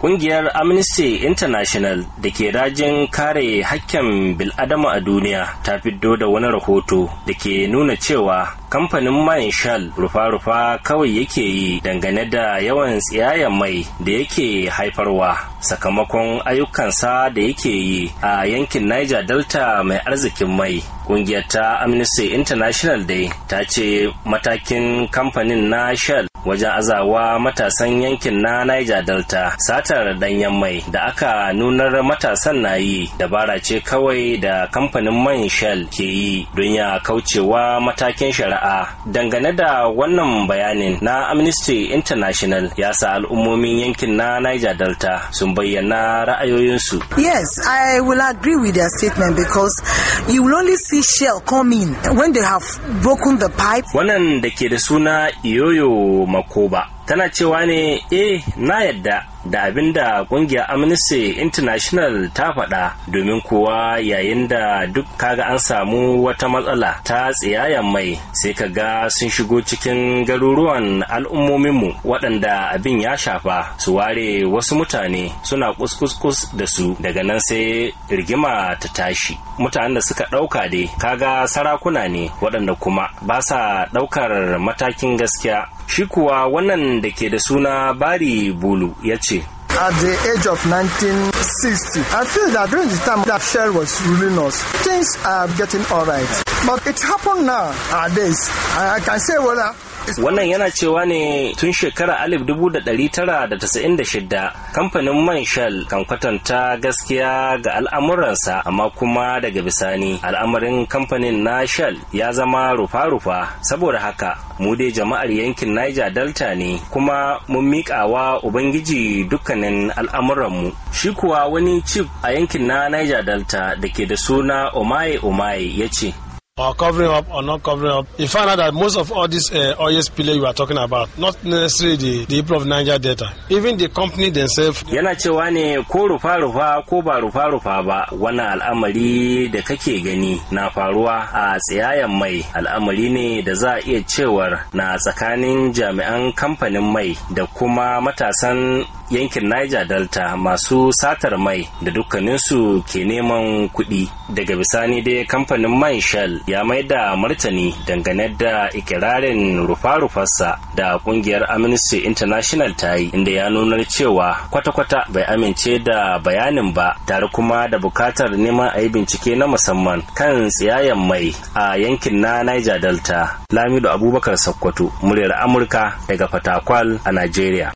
Ƙungiyar Amnesty International da ke rajin kare hakken bil'adama a duniya ta fiddo da wani rahoto da ke nuna cewa kamfanin man shal rufa-rufa kawai yake yi dangane da yawan tsiyayen mai da yake haifarwa sakamakon ayyukansa da yake yi a yankin Niger Delta mai arzikin mai. Ƙungiyar ta Amnesty International dai ta ce matakin kamfanin na shal wajen azawa matasan yankin na Niger Delta satar danyen mai da aka nunar matasan na yi dabara ce kawai da kamfanin man Shell ke yi don ya kaucewa matakin shari'a. Dangane da wannan bayanin na Amnesty International ya sa al'ummomin yankin na Niger Delta sun bayyana ra'ayoyinsu. Yes, I will agree with their statement because you will only see Shell come when they have broken the pipe. Wannan da ke da suna Iyoyo taimako ba tana cewa ne eh na yadda da abin da kungiyar amnesty international ta faɗa domin kowa yayin da duk kaga an samu wata matsala ta tsiyayen mai sai ka ga sun shigo cikin garuruwan al'ummominmu waɗanda abin ya shafa su ware wasu mutane suna kuskuskus da su daga nan sai rigima ta tashi mutanen da suka ɗauka dai kaga sarakuna ne waɗanda kuma ba sa ɗaukar matakin gaskiya shi kuwa wannan da ke da suna bari bulu ya ce at the age of 1960. I feel that during the time that Shell was ruling us, things are getting all right. But it happened now, nowadays. I can say, well, wannan yana cewa ne tun shekara alif dubu da dari tara da tasa'in da shida kamfanin man shell kan kwatanta gaskiya ga al'amuransa amma kuma daga bisani al'amarin kamfanin na shell ya zama rufa-rufa saboda haka mu dai jama'ar yankin niger delta ne kuma mun miƙawa ubangiji dukkanin mu. shi kuwa wani cif a yankin na niger delta da ke da suna omaye omaye ya ce or covering up or not covering up, you find out that most of all this uh, oil spill you are talking about, not necessarily the, the people of Niger Delta, even the company themselves. Yana cewa ne ko rufa-rufa ko ba rufa-rufa ba wani al'amari da kake gani na faruwa a tsayayen mai al'amari ne da za a iya cewar na tsakanin jami'an kamfanin mai da kuma matasan yankin Niger Delta masu satar mai da dukkaninsu ke neman kuɗi. Daga bisani dai kamfanin man Shell ya mai da martani dangane da ikirarin rufa-rufarsa da kungiyar amnesty international ta yi inda ya nunar cewa kwata-kwata bai amince da bayanin ba tare kuma da bukatar neman a yi bincike na musamman kan tsiyayen mai a yankin na niger delta lamido abubakar sakkwato muryar amurka daga fatakwal a nigeria